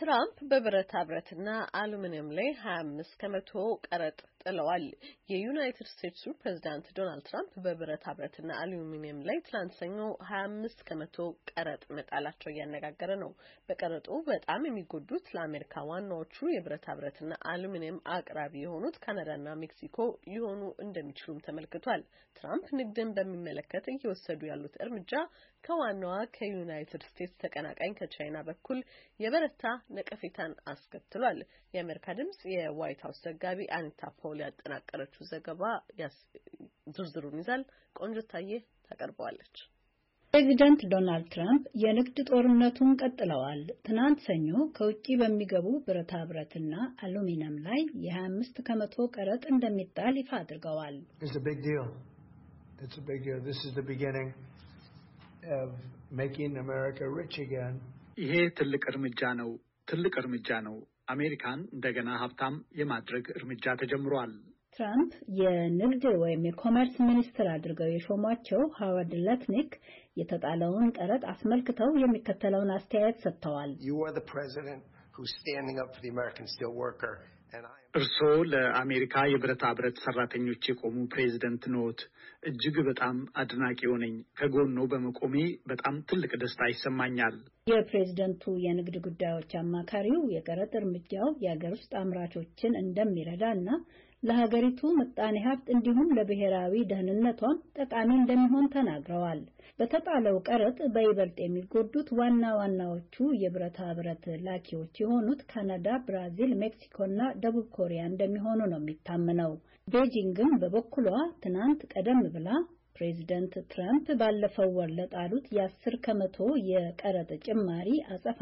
ትራምፕ በብረታ ብረትና አሉሚኒየም ላይ 25 ከመቶ ቀረጥ ጥለዋል። የዩናይትድ ስቴትሱ ፕሬዝዳንት ዶናልድ ትራምፕ በብረታ ብረትና አሉሚኒየም ላይ ትላንት ሰኞ 25 ከመቶ ቀረጥ መጣላቸው እያነጋገረ ነው። በቀረጡ በጣም የሚጎዱት ለአሜሪካ ዋናዎቹ የብረታ ብረትና አሉሚኒየም አቅራቢ የሆኑት ካናዳና ሜክሲኮ ሊሆኑ እንደሚችሉም ተመልክቷል። ትራምፕ ንግድን በሚመለከት እየወሰዱ ያሉት እርምጃ ከዋናዋ ከዩናይትድ ስቴትስ ተቀናቃኝ ከቻይና በኩል የበረታ ነቀፌታን አስከትሏል። የአሜሪካ ድምጽ የዋይት ሀውስ ዘጋቢ አኒታ ፓውል ያጠናቀረችው ዘገባ ዝርዝሩን ይዛል። ቆንጆታዬ ታቀርበዋለች። ፕሬዚደንት ዶናልድ ትራምፕ የንግድ ጦርነቱን ቀጥለዋል። ትናንት ሰኞ ከውጭ በሚገቡ ብረታ ብረትና አሉሚኒየም ላይ የ25 ከመቶ ቀረጥ እንደሚጣል ይፋ አድርገዋል። ይሄ ትልቅ እርምጃ ነው። ትልቅ እርምጃ ነው። አሜሪካን እንደገና ሀብታም የማድረግ እርምጃ ተጀምሯል። ትራምፕ የንግድ ወይም የኮመርስ ሚኒስትር አድርገው የሾሟቸው ሃዋርድ ለትኒክ የተጣለውን ቀረጥ አስመልክተው የሚከተለውን አስተያየት ሰጥተዋል። እርስዎ ለአሜሪካ የብረታ ብረት ሰራተኞች የቆሙ ፕሬዚደንት ኖት። እጅግ በጣም አድናቂው ነኝ። ከጎኖ በመቆሜ በጣም ትልቅ ደስታ ይሰማኛል። የፕሬዝደንቱ የንግድ ጉዳዮች አማካሪው የቀረጥ እርምጃው የአገር ውስጥ አምራቾችን እንደሚረዳ እና ለሀገሪቱ ምጣኔ ሀብት እንዲሁም ለብሔራዊ ደህንነቷም ጠቃሚ እንደሚሆን ተናግረዋል። በተጣለው ቀረጥ በይበልጥ የሚጎዱት ዋና ዋናዎቹ የብረታ ብረት ላኪዎች የሆኑት ካናዳ፣ ብራዚል፣ ሜክሲኮ እና ደቡብ ኮሪያ እንደሚሆኑ ነው የሚታመነው። ቤጂንግም በበኩሏ ትናንት ቀደም ብላ ፕሬዚደንት ትራምፕ ባለፈው ወር ለጣሉት የአስር ከመቶ የቀረጥ ጭማሪ አጸፋ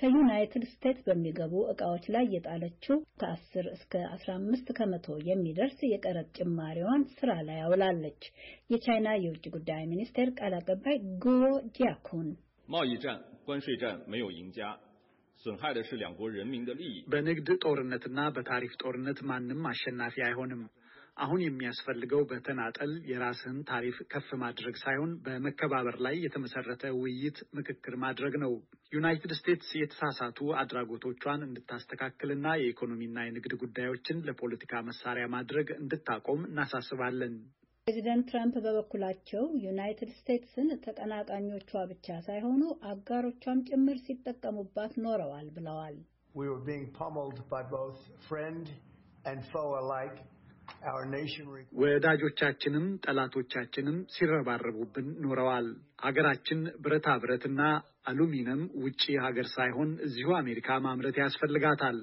ከዩናይትድ ስቴትስ በሚገቡ እቃዎች ላይ የጣለችው ከአስር እስከ አስራ አምስት ከመቶ የሚደርስ የቀረጥ ጭማሪዋን ስራ ላይ አውላለች። የቻይና የውጭ ጉዳይ ሚኒስቴር ቃል አቀባይ ጉዎ ጂያኩን 贸易战、关税战没有赢家。损害的是两国人民的利益。በንግድ ጦርነትና በታሪፍ ጦርነት ማንም አሸናፊ አይሆንም። አሁን የሚያስፈልገው በተናጠል የራስህን ታሪፍ ከፍ ማድረግ ሳይሆን በመከባበር ላይ የተመሰረተ ውይይት፣ ምክክር ማድረግ ነው። ዩናይትድ ስቴትስ የተሳሳቱ አድራጎቶቿን እንድታስተካክልና የኢኮኖሚና የንግድ ጉዳዮችን ለፖለቲካ መሳሪያ ማድረግ እንድታቆም እናሳስባለን። ፕሬዚደንት ትራምፕ በበኩላቸው ዩናይትድ ስቴትስን ተቀናቃኞቿ ብቻ ሳይሆኑ አጋሮቿም ጭምር ሲጠቀሙባት ኖረዋል ብለዋል። ወዳጆቻችንም ጠላቶቻችንም ሲረባረቡብን ኖረዋል። አገራችን ብረታ ብረትና አሉሚኒየም ውጪ ሀገር ሳይሆን እዚሁ አሜሪካ ማምረት ያስፈልጋታል።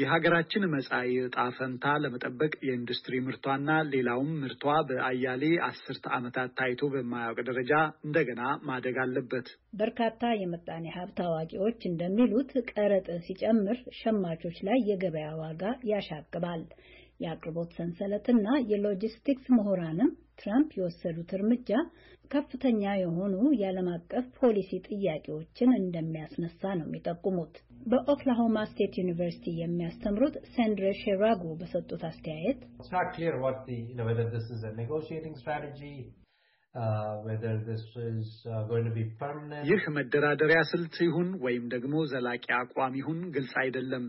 የሀገራችን መጻኢ ዕጣ ፈንታ ለመጠበቅ የኢንዱስትሪ ምርቷና ሌላውም ምርቷ በአያሌ አስርተ ዓመታት ታይቶ በማያውቅ ደረጃ እንደገና ማደግ አለበት። በርካታ የምጣኔ ሀብት አዋቂዎች እንደሚሉት ቀረጥ ሲጨምር ሸማቾች ላይ የገበያ ዋጋ ያሻቅባል። የአቅርቦት ሰንሰለትና የሎጂስቲክስ ምሁራንም ትራምፕ የወሰዱት እርምጃ ከፍተኛ የሆኑ የዓለም አቀፍ ፖሊሲ ጥያቄዎችን እንደሚያስነሳ ነው የሚጠቁሙት። በኦክላሆማ ስቴት ዩኒቨርሲቲ የሚያስተምሩት ሰንድረ ሼራጎ በሰጡት አስተያየት uh, uh, ይህ መደራደሪያ ስልት ይሁን ወይም ደግሞ ዘላቂ አቋም ይሁን ግልጽ አይደለም።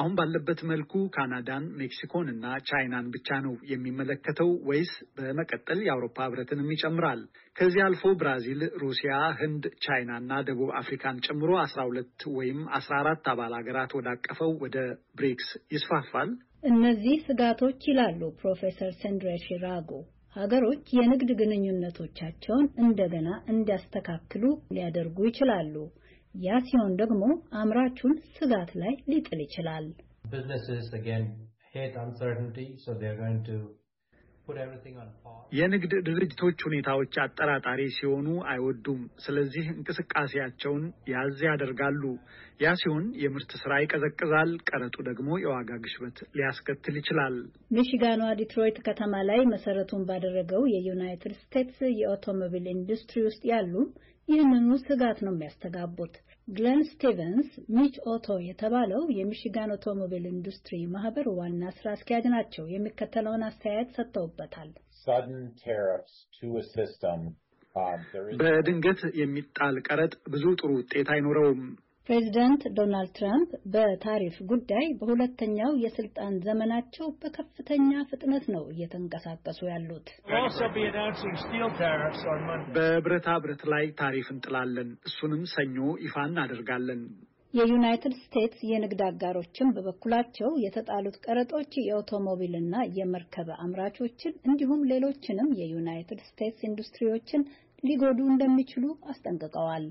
አሁን ባለበት መልኩ ካናዳን፣ ሜክሲኮን እና ቻይናን ብቻ ነው የሚመለከተው ወይስ በመቀጠል የአውሮፓ ህብረትንም ይጨምራል? ከዚህ አልፎ ብራዚል፣ ሩሲያ፣ ህንድ፣ ቻይና እና ደቡብ አፍሪካን ጨምሮ አስራ ሁለት ወይም አስራ አራት አባል ሀገራት ወዳቀፈው ወደ ብሪክስ ይስፋፋል? እነዚህ ስጋቶች ይላሉ ፕሮፌሰር ሰንድሬ ሺራጎ ሀገሮች የንግድ ግንኙነቶቻቸውን እንደገና እንዲያስተካክሉ ሊያደርጉ ይችላሉ። ያ ሲሆን ደግሞ አምራቹን ስጋት ላይ ሊጥል ይችላል። የንግድ ድርጅቶች ሁኔታዎች አጠራጣሪ ሲሆኑ አይወዱም። ስለዚህ እንቅስቃሴያቸውን ያዝ ያደርጋሉ። ያ ሲሆን የምርት ስራ ይቀዘቅዛል። ቀረጡ ደግሞ የዋጋ ግሽበት ሊያስከትል ይችላል። ሚሽጋኗ ዲትሮይት ከተማ ላይ መሰረቱን ባደረገው የዩናይትድ ስቴትስ የኦቶሞቢል ኢንዱስትሪ ውስጥ ያሉ ይህንኑ ስጋት ነው የሚያስተጋቡት። ግለን ስቲቨንስ ሚች ኦቶ የተባለው የሚሽጋን ኦቶሞቢል ኢንዱስትሪ ማህበር ዋና ስራ አስኪያጅ ናቸው። የሚከተለውን አስተያየት ሰጥተውበታል። um, በድንገት የሚጣል ቀረጥ ብዙ ጥሩ ውጤት አይኖረውም። ፕሬዚደንት ዶናልድ ትራምፕ በታሪፍ ጉዳይ በሁለተኛው የስልጣን ዘመናቸው በከፍተኛ ፍጥነት ነው እየተንቀሳቀሱ ያሉት። በብረታ ብረት ላይ ታሪፍ እንጥላለን፣ እሱንም ሰኞ ይፋ እናደርጋለን። የዩናይትድ ስቴትስ የንግድ አጋሮችም በበኩላቸው የተጣሉት ቀረጦች የአውቶሞቢልና የመርከብ አምራቾችን እንዲሁም ሌሎችንም የዩናይትድ ስቴትስ ኢንዱስትሪዎችን ሊጎዱ እንደሚችሉ አስጠንቅቀዋል።